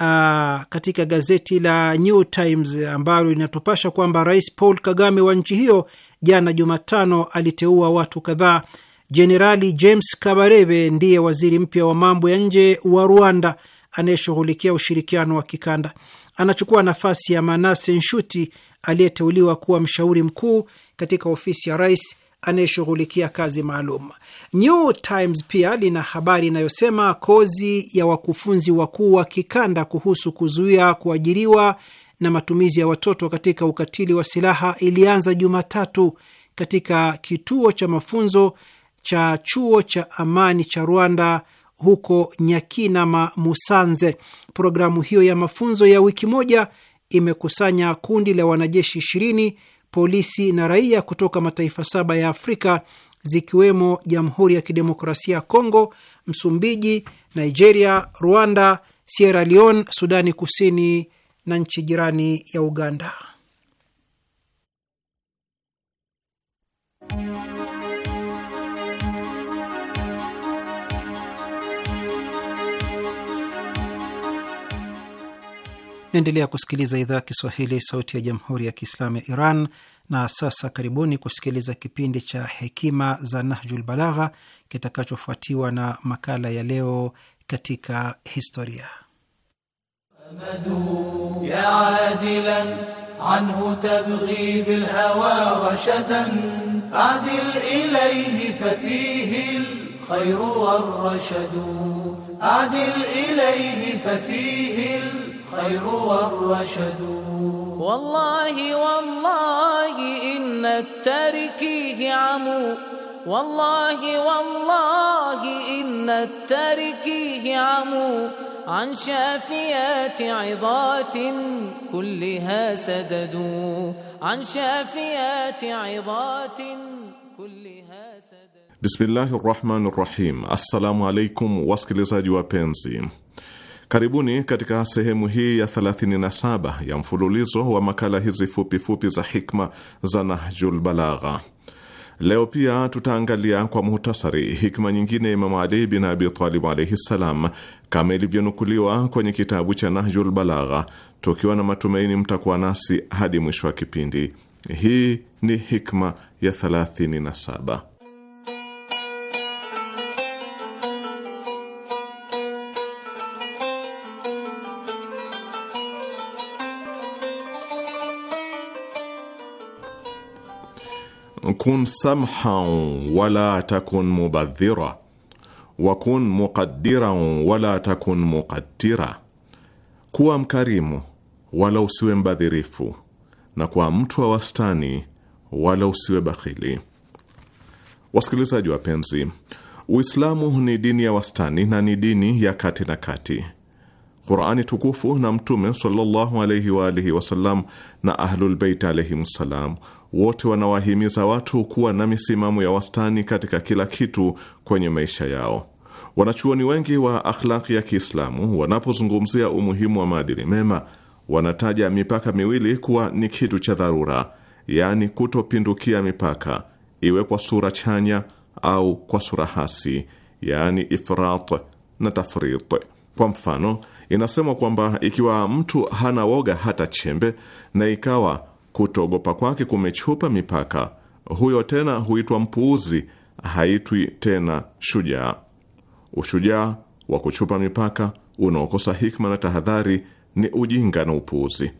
uh, katika gazeti la New Times ambalo linatupasha kwamba Rais Paul Kagame wa nchi hiyo jana Jumatano aliteua watu kadhaa. Jenerali James Kabarebe ndiye waziri mpya wa mambo ya nje wa Rwanda anayeshughulikia ushirikiano wa kikanda. Anachukua nafasi ya Manase Nshuti aliyeteuliwa kuwa mshauri mkuu katika ofisi ya rais anayeshughulikia kazi maalum. New Times pia lina habari inayosema kozi ya wakufunzi wakuu wa kikanda kuhusu kuzuia kuajiriwa na matumizi ya watoto katika ukatili wa silaha ilianza Jumatatu katika kituo cha mafunzo cha chuo cha amani cha Rwanda huko Nyakinama, Musanze. Programu hiyo ya mafunzo ya wiki moja imekusanya kundi la wanajeshi ishirini polisi na raia kutoka mataifa saba ya Afrika zikiwemo Jamhuri ya Kidemokrasia ya Kongo, Msumbiji, Nigeria, Rwanda, Sierra Leone, Sudani Kusini na nchi jirani ya Uganda. Naendelea kusikiliza idhaa ya Kiswahili, sauti ya jamhuri ya kiislamu ya Iran. Na sasa karibuni kusikiliza kipindi cha hekima za Nahjul Balagha kitakachofuatiwa na makala ya leo katika historia. خير والرشد والله والله إن التركيه عمو والله والله إن التركيه عمو عن شافيات عظات كلها سدد عن شافيات عظات كلها سدد بسم الله الرحمن الرحيم السلام عليكم wasikilizaji wapenzi Karibuni katika sehemu hii ya 37 ya mfululizo wa makala hizi fupifupi fupi za hikma za Nahjul Balagha. Leo pia tutaangalia kwa muhtasari hikma nyingine ya Imamu Ali bin Abi Talib alaihi ssalam, kama ilivyonukuliwa kwenye kitabu cha Nahjul Balagha, tukiwa na matumaini mtakuwa nasi hadi mwisho wa kipindi. Hii ni hikma ya 37. kun samhan wala takun mubadhira wa kun muqaddiran wala takun muqaddira, kuwa mkarimu wala usiwe mbadhirifu, na kwa mtu wa wastani wala usiwe bakhili. Wasikilizaji wapenzi, Uislamu ni dini ya wastani na ni dini ya kati na kati. Qurani tukufu na Mtume sallallahu alayhi wa alihi wasallam na Ahlulbeit alayhim salam wote wanawahimiza watu kuwa na misimamo ya wastani katika kila kitu kwenye maisha yao. Wanachuoni wengi wa akhlaki ya Kiislamu wanapozungumzia umuhimu wa maadili mema wanataja mipaka miwili kuwa ni kitu cha dharura, yaani kutopindukia mipaka, iwe kwa sura chanya au kwa sura hasi, yaani ifrat na tafrit. Kwa mfano, inasemwa kwamba ikiwa mtu hana woga hata chembe na ikawa Kutoogopa kwake kumechupa mipaka. Huyo tena huitwa mpuuzi, haitwi tena shujaa. Ushujaa wa kuchupa mipaka unaokosa hikma na tahadhari ni ujinga na upuuzi.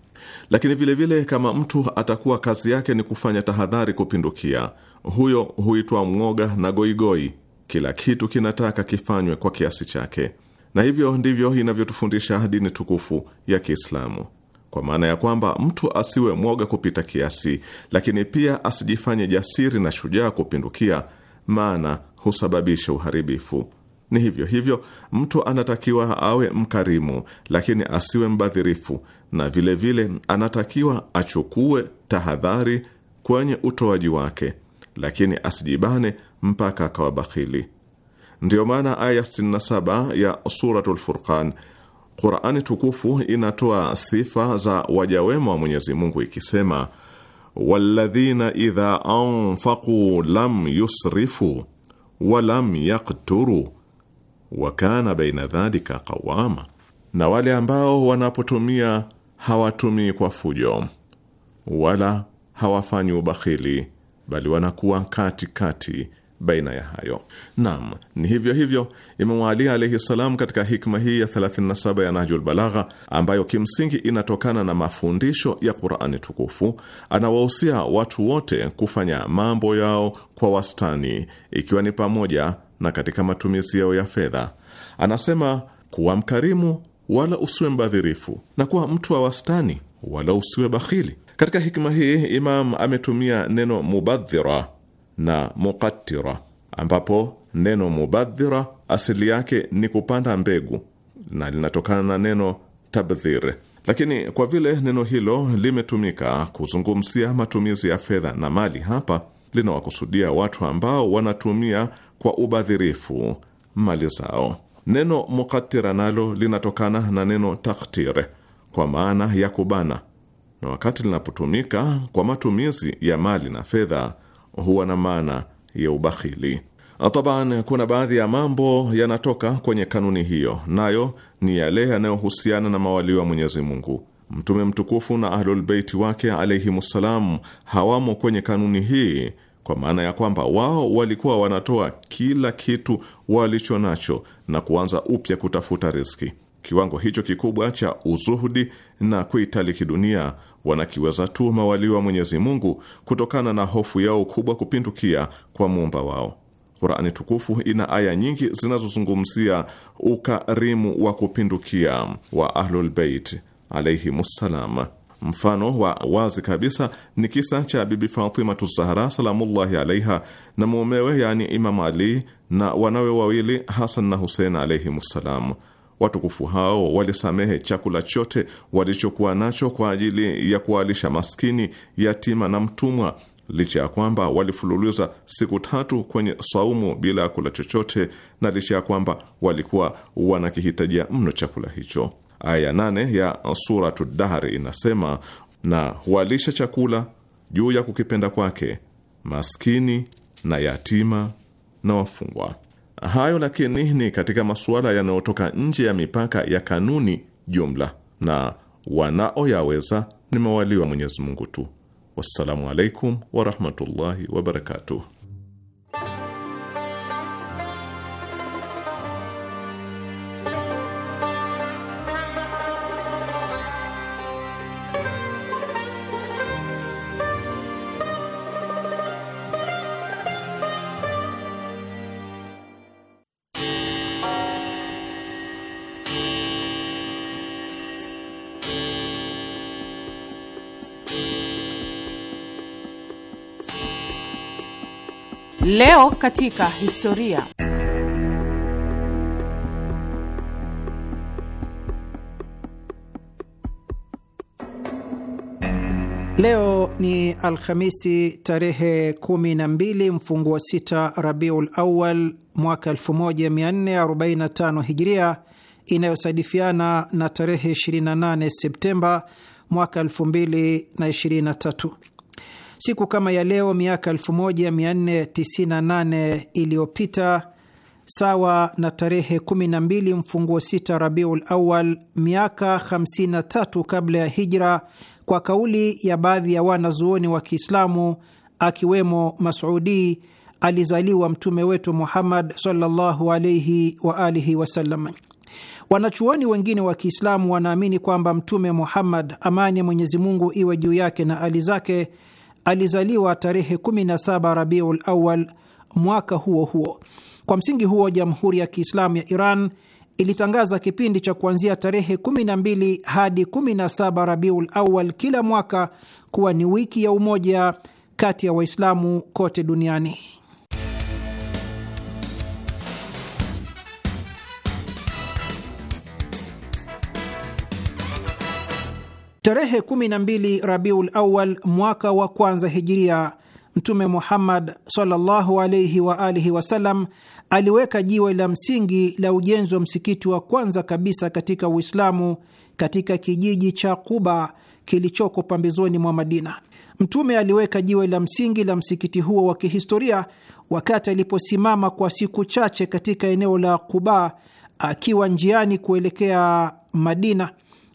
Lakini vilevile vile, kama mtu atakuwa kazi yake ni kufanya tahadhari kupindukia, huyo huitwa mwoga na goigoi. Kila kitu kinataka kifanywe kwa kiasi chake, na hivyo ndivyo inavyotufundisha dini tukufu ya Kiislamu kwa maana ya kwamba mtu asiwe mwoga kupita kiasi, lakini pia asijifanye jasiri na shujaa kupindukia, maana husababisha uharibifu. Ni hivyo hivyo, mtu anatakiwa awe mkarimu, lakini asiwe mbadhirifu, na vilevile vile, anatakiwa achukue tahadhari kwenye utoaji wake, lakini asijibane mpaka akawa bakhili. Ndiyo maana aya 67 ya Suratul Furqan Qurani tukufu inatoa sifa za wajawema wa Mwenyezi Mungu ikisema, walladhina idha anfaqu lam yusrifu wa lam yakturu wa kana baina dhalika qawama, na wale ambao wanapotumia hawatumii kwa fujo wala hawafanyi ubakhili, bali wanakuwa katikati kati baina ya hayo. Naam, ni hivyo hivyo Imamu Ali alaihi salam katika hikma hii ya 37 ya Nahjul Balagha, ambayo kimsingi inatokana na mafundisho ya Qurani Tukufu, anawahusia watu wote kufanya mambo yao kwa wastani, ikiwa ni pamoja na katika matumizi yao ya fedha. Anasema kuwa mkarimu, wala usiwe mbadhirifu, na kuwa mtu wa wastani, wala usiwe bakhili. Katika hikma hii Imam ametumia neno mubadhira na muqattira, ambapo neno mubadhira asili yake ni kupanda mbegu na linatokana na neno tabdhir, lakini kwa vile neno hilo limetumika kuzungumzia matumizi ya fedha na mali, hapa linawakusudia watu ambao wanatumia kwa ubadhirifu mali zao. Neno mukatira nalo linatokana na neno taktir kwa maana ya kubana, na wakati linapotumika kwa matumizi ya mali na fedha huwa na maana ya ubakhili. Ah, taban, kuna baadhi ya mambo yanatoka kwenye kanuni hiyo, nayo ni yale yanayohusiana na mawalio wa Mwenyezi Mungu. Mtume mtukufu na Ahlulbeiti wake alaihimussalam hawamo kwenye kanuni hii, kwa maana ya kwamba wao walikuwa wanatoa kila kitu walicho nacho na kuanza upya kutafuta riziki. Kiwango hicho kikubwa cha uzuhudi na kuitaliki dunia wanakiweza tu mawalio wa Mwenyezi Mungu kutokana na hofu yao kubwa kupindukia kwa muumba wao. Qurani tukufu ina aya nyingi zinazozungumzia ukarimu wa kupindukia wa Ahlulbeit alaihimussalam. Mfano wa wazi kabisa ni kisa cha Bibi Fatimatu Zahra salamullahi alaiha na mumewe, yani Imam Ali na wanawe wawili Hasan na Husein alaihimussalam. Watukufu hao walisamehe chakula chote walichokuwa nacho kwa ajili ya kuwalisha maskini, yatima na mtumwa, licha ya kwamba walifululiza siku tatu kwenye saumu bila ya kula chochote, na licha ya kwamba walikuwa wanakihitajia mno chakula hicho. Aya ya nane ya Suratu Dahri inasema, na huwalisha chakula juu ya kukipenda kwake maskini na yatima na wafungwa. Hayo lakini ni katika masuala yanayotoka nje ya mipaka ya kanuni jumla, na wanaoyaweza ni mawaliwa Mwenyezi Mungu tu. Wassalamu alaikum warahmatullahi wabarakatuh. Leo katika historia. Leo ni Alhamisi tarehe 12 mfungu wa sita Rabiul Awal mwaka 1445 Hijria, inayosadifiana na tarehe 28 Septemba mwaka 2023. Siku kama ya leo miaka 1498 iliyopita sawa na tarehe 12 mfunguo 6 Rabiul Awal miaka 53 kabla ya hijra, kwa kauli ya baadhi ya wanazuoni wa Kiislamu akiwemo Masudi, alizaliwa mtume wetu Muhammad sallallahu alayhi wa alihi wasallam. Wanachuoni wengine wa Kiislamu wanaamini kwamba Mtume Muhammad, amani ya Mwenyezi Mungu iwe juu yake na ali zake alizaliwa tarehe 17 Rabiul Awal mwaka huo huo. Kwa msingi huo, Jamhuri ya Kiislamu ya Iran ilitangaza kipindi cha kuanzia tarehe 12 hadi 17 Rabiul Awal kila mwaka kuwa ni wiki ya umoja kati ya Waislamu kote duniani. Tarehe 12 Rabiul Awal mwaka wa kwanza hijiria, Mtume Muhammad sallallahu alaihi wa alihi wasallam aliweka jiwe la msingi la ujenzi wa msikiti wa kwanza kabisa katika Uislamu katika kijiji cha Quba kilichoko pambezoni mwa Madina. Mtume aliweka jiwe la msingi la msikiti huo wa kihistoria wakati aliposimama kwa siku chache katika eneo la Quba akiwa njiani kuelekea Madina.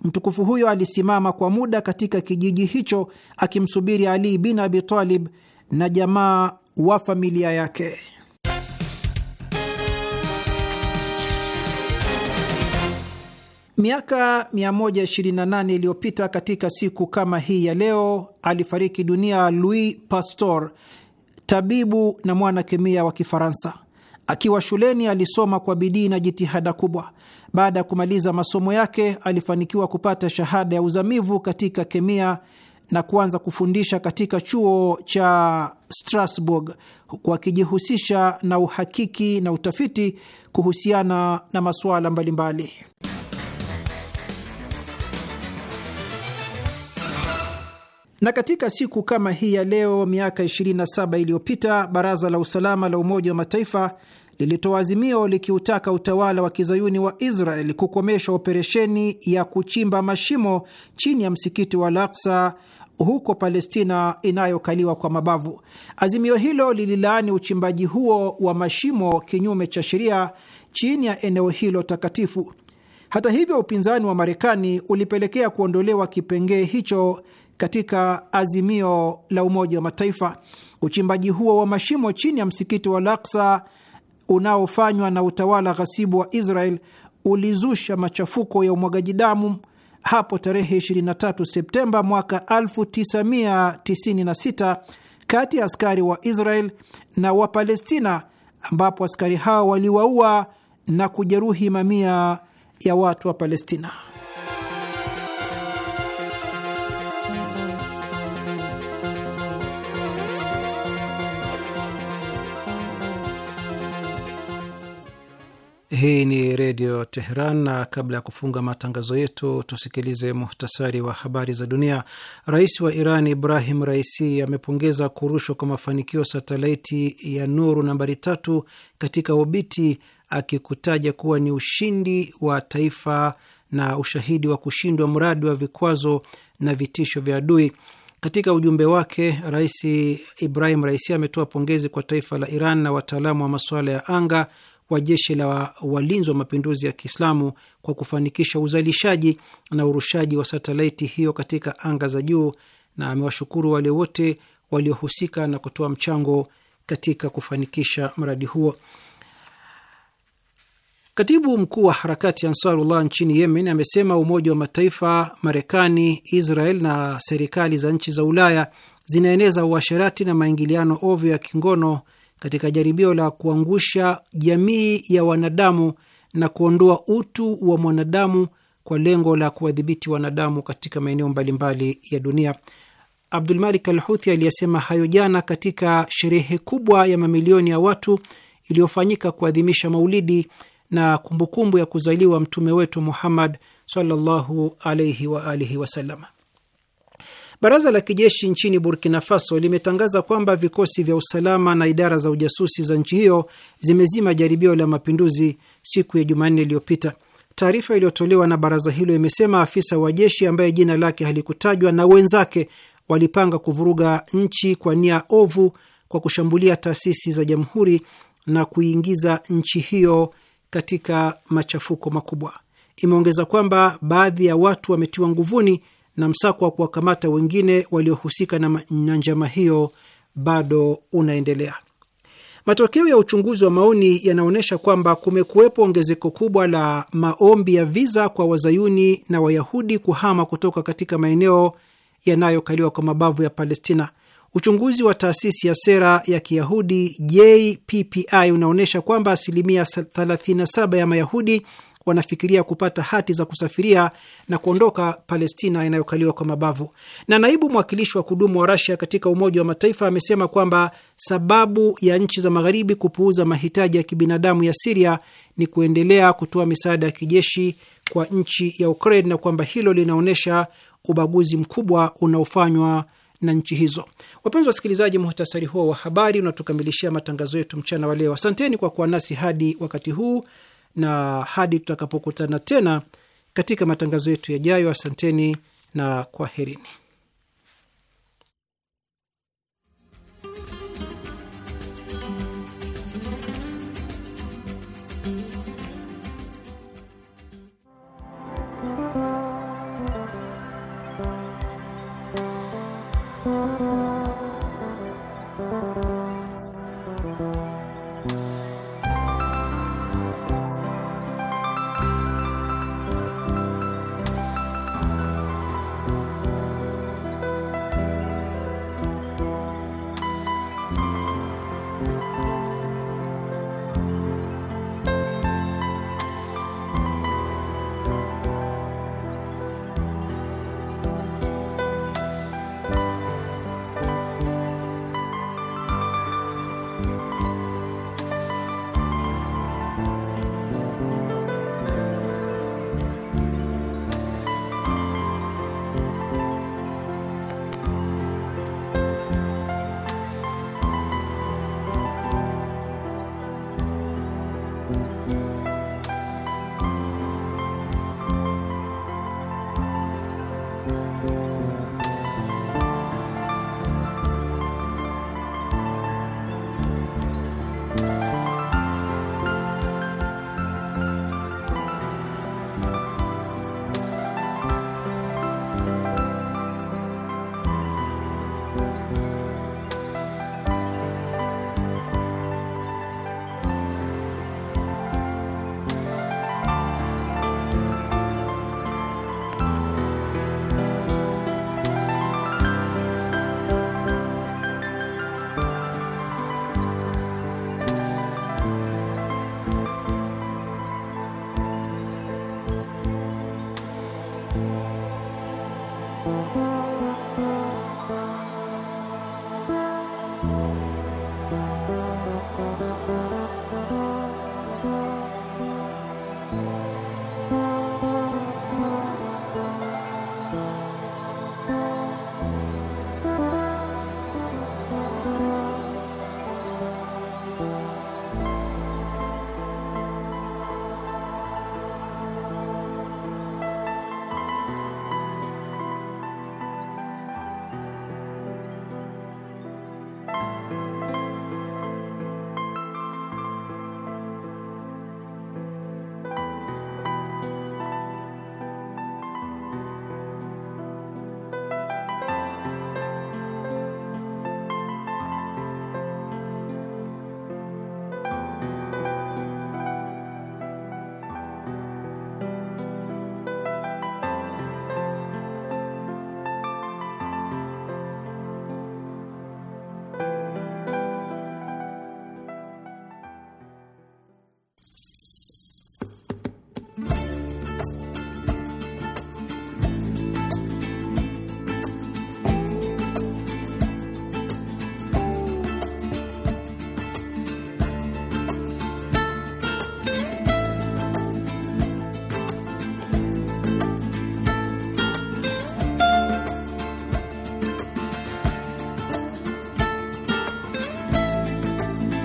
Mtukufu huyo alisimama kwa muda katika kijiji hicho akimsubiri Ali bin Abi Talib na jamaa wa familia yake. Miaka 128 iliyopita katika siku kama hii ya leo alifariki dunia Louis Pasteur, tabibu na mwana kemia wa Kifaransa. Akiwa shuleni alisoma kwa bidii na jitihada kubwa. Baada ya kumaliza masomo yake, alifanikiwa kupata shahada ya uzamivu katika kemia na kuanza kufundisha katika chuo cha Strasbourg huku akijihusisha na uhakiki na utafiti kuhusiana na masuala mbalimbali. Na katika siku kama hii ya leo miaka 27 iliyopita, Baraza la Usalama la Umoja wa Mataifa lilitoa azimio likiutaka utawala wa kizayuni wa Israel kukomesha operesheni ya kuchimba mashimo chini ya msikiti wa Al-Aqsa huko Palestina inayokaliwa kwa mabavu. Azimio hilo lililaani uchimbaji huo wa mashimo kinyume cha sheria chini ya eneo hilo takatifu. Hata hivyo, upinzani wa Marekani ulipelekea kuondolewa kipengee hicho katika azimio la Umoja wa Mataifa. Uchimbaji huo wa mashimo chini ya msikiti wa Al-Aqsa unaofanywa na utawala ghasibu wa Israel ulizusha machafuko ya umwagaji damu hapo tarehe 23 Septemba mwaka 1996 kati ya askari wa Israel na Wapalestina, ambapo askari hao waliwaua na kujeruhi mamia ya watu wa Palestina. Hii ni Redio Teheran, na kabla ya kufunga matangazo yetu tusikilize muhtasari wa habari za dunia. Rais wa Iran Ibrahim Raisi amepongeza kurushwa kwa mafanikio satelaiti ya Nuru nambari tatu katika obiti, akikutaja kuwa ni ushindi wa taifa na ushahidi wa kushindwa mradi wa vikwazo na vitisho vya adui. Katika ujumbe wake, Rais Ibrahim Raisi ametoa pongezi kwa taifa la Iran na wataalamu wa masuala ya anga wa jeshi la walinzi wa mapinduzi ya Kiislamu kwa kufanikisha uzalishaji na urushaji wa satelaiti hiyo katika anga za juu, na amewashukuru wale wote waliohusika na kutoa mchango katika kufanikisha mradi huo. Katibu mkuu wa harakati Ansarullah nchini Yemen amesema Umoja wa Mataifa, Marekani, Israel na serikali za nchi za Ulaya zinaeneza uasherati na maingiliano ovyo ya kingono katika jaribio la kuangusha jamii ya wanadamu na kuondoa utu wa mwanadamu kwa lengo la kuwadhibiti wanadamu katika maeneo mbalimbali ya dunia. Abdulmalik al Huthi aliyesema hayo jana katika sherehe kubwa ya mamilioni ya watu iliyofanyika kuadhimisha Maulidi na kumbukumbu ya kuzaliwa mtume wetu Muhammad sallallahu alaihi waalihi wasallam. Baraza la kijeshi nchini Burkina Faso limetangaza kwamba vikosi vya usalama na idara za ujasusi za nchi hiyo zimezima jaribio la mapinduzi siku ya Jumanne iliyopita. Taarifa iliyotolewa na baraza hilo imesema afisa wa jeshi ambaye jina lake halikutajwa na wenzake walipanga kuvuruga nchi kwa nia ovu kwa kushambulia taasisi za jamhuri na kuingiza nchi hiyo katika machafuko makubwa. Imeongeza kwamba baadhi ya watu wametiwa nguvuni na msako wa kuwakamata wengine waliohusika na njama hiyo bado unaendelea. Matokeo ya uchunguzi wa maoni yanaonyesha kwamba kumekuwepo ongezeko kubwa la maombi ya viza kwa wazayuni na wayahudi kuhama kutoka katika maeneo yanayokaliwa kwa mabavu ya Palestina. Uchunguzi wa taasisi ya sera ya Kiyahudi JPPI unaonyesha kwamba asilimia 37 ya Mayahudi wanafikiria kupata hati za kusafiria na kuondoka Palestina inayokaliwa kwa mabavu. Na naibu mwakilishi wa kudumu wa Rasia katika Umoja wa Mataifa amesema kwamba sababu ya nchi za Magharibi kupuuza mahitaji ya kibinadamu ya Siria ni kuendelea kutoa misaada ya kijeshi kwa nchi ya Ukraine na kwamba hilo linaonyesha ubaguzi mkubwa unaofanywa na nchi hizo. Wapenzi wasikilizaji, muhtasari huo wa habari unatukamilishia matangazo yetu mchana wa leo. Asanteni kwa kuwa nasi hadi wakati huu na hadi tutakapokutana tena katika matangazo yetu yajayo, asanteni na kwaherini.